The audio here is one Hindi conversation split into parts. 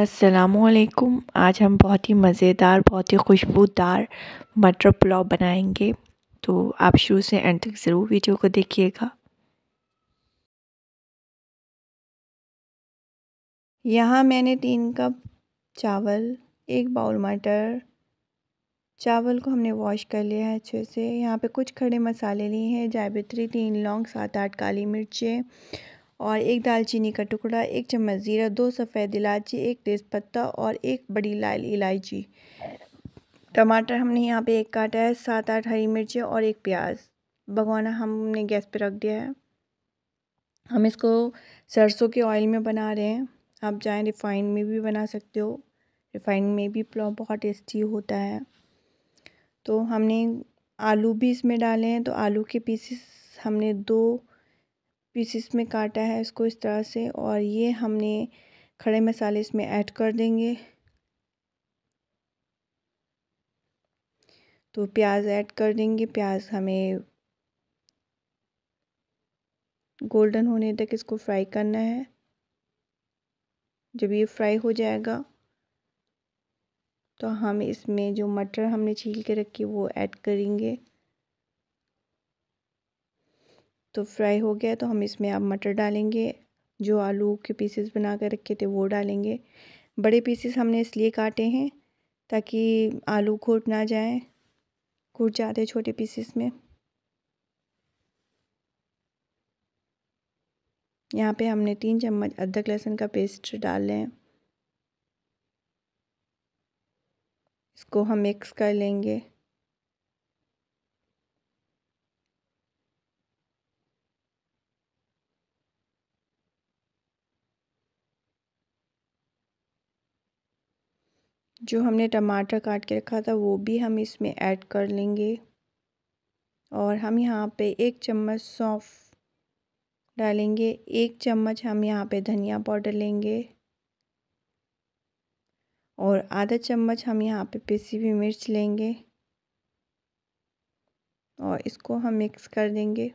असलकुम आज हम बहुत ही मज़ेदार बहुत ही खुशबूदार मटर पुलाव बनाएंगे तो आप शुरू से एंड तक ज़रूर वीडियो को देखिएगा यहाँ मैंने तीन कप चावल एक बाउल मटर चावल को हमने वॉश कर लिया है अच्छे से यहाँ पे कुछ खड़े मसाले लिए हैं जायबित्री तीन लौंग सात आठ काली मिर्चें और एक दालचीनी का टुकड़ा एक चम्मच ज़ीरा दो सफ़ेद इलायची एक तेज़पत्ता और एक बड़ी लाल इलायची टमाटर हमने यहाँ पे एक काटा है सात आठ हरी मिर्चें और एक प्याज भगवाना हमने गैस पे रख दिया है हम इसको सरसों के ऑयल में बना रहे हैं आप चाहें रिफ़ाइन में भी बना सकते हो रिफ़ाइन में भी पुलाव बहुत टेस्टी होता है तो हमने आलू भी इसमें डाले हैं तो आलू के पीसेस हमने दो पीसेस में काटा है इसको इस तरह से और ये हमने खड़े मसाले इसमें ऐड कर देंगे तो प्याज ऐड कर देंगे प्याज हमें गोल्डन होने तक इसको फ्राई करना है जब ये फ्राई हो जाएगा तो हम इसमें जो मटर हमने छील के रखी वो ऐड करेंगे तो फ्राई हो गया तो हम इसमें आप मटर डालेंगे जो आलू के पीसेस बना कर रखे थे वो डालेंगे बड़े पीसेस हमने इसलिए काटे हैं ताकि आलू घुट ना जाए घुट जाते छोटे पीसेस में यहाँ पे हमने तीन चम्मच अदरक लहसुन का पेस्ट डाल लें इसको हम मिक्स कर लेंगे जो हमने टमाटर काट के रखा था वो भी हम इसमें ऐड कर लेंगे और हम यहाँ पे एक चम्मच सौंफ डालेंगे एक चम्मच हम यहाँ पे धनिया पाउडर लेंगे और आधा चम्मच हम यहाँ पे पिसी हुई मिर्च लेंगे और इसको हम मिक्स कर देंगे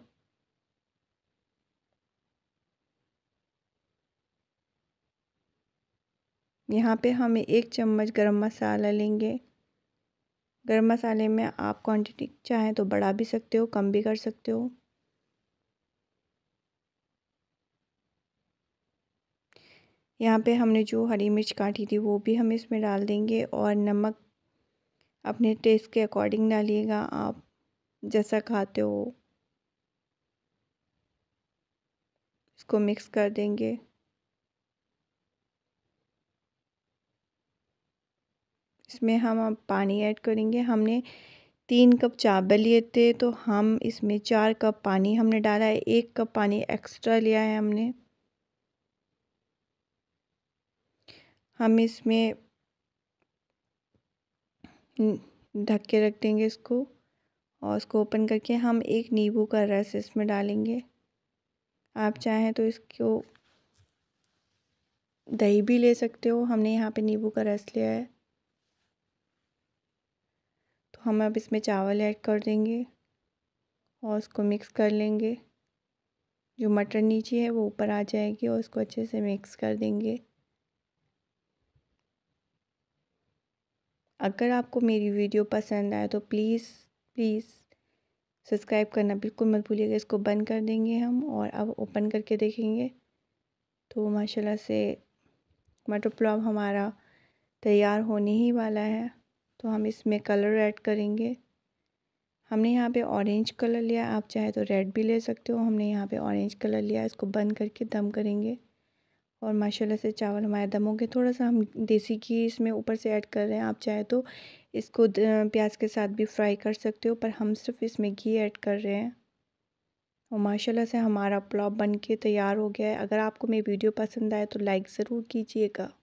यहाँ पे हम एक चम्मच गरम मसाला लेंगे गरम मसाले में आप क्वांटिटी चाहें तो बढ़ा भी सकते हो कम भी कर सकते हो यहाँ पे हमने जो हरी मिर्च काटी थी वो भी हम इसमें डाल देंगे और नमक अपने टेस्ट के अकॉर्डिंग डालिएगा आप जैसा खाते हो इसको मिक्स कर देंगे इसमें हम अब पानी ऐड करेंगे हमने तीन कप चावल लिए थे तो हम इसमें चार कप पानी हमने डाला है एक कप पानी एक्स्ट्रा लिया है हमने हम इसमें ढक के रख देंगे इसको और उसको ओपन करके हम एक नींबू का रस इसमें डालेंगे आप चाहें तो इसको दही भी ले सकते हो हमने यहाँ पे नींबू का रस लिया है हम अब इसमें चावल ऐड कर देंगे और उसको मिक्स कर लेंगे जो मटर नीचे है वो ऊपर आ जाएगी और उसको अच्छे से मिक्स कर देंगे अगर आपको मेरी वीडियो पसंद आए तो प्लीज़ प्लीज़ सब्सक्राइब करना बिल्कुल मत भूलिएगा इसको बंद कर देंगे हम और अब ओपन करके देखेंगे तो माशाल्लाह से मटर पुलाव हमारा तैयार होने ही वाला है तो हम इसमें कलर ऐड करेंगे हमने यहाँ पे ऑरेंज कलर लिया आप चाहे तो रेड भी ले सकते हो हमने यहाँ पे ऑरेंज कलर लिया इसको बंद करके दम करेंगे और माशाल्लाह से चावल हमारे दम हो गए थोड़ा सा हम देसी घी इसमें ऊपर से ऐड कर रहे हैं आप चाहे तो इसको प्याज के साथ भी फ्राई कर सकते हो पर हम सिर्फ इसमें घी ऐड कर रहे हैं और माशाल्लाह से हमारा पुलाव बन के तैयार हो गया है अगर आपको मेरी वीडियो पसंद आए तो लाइक ज़रूर कीजिएगा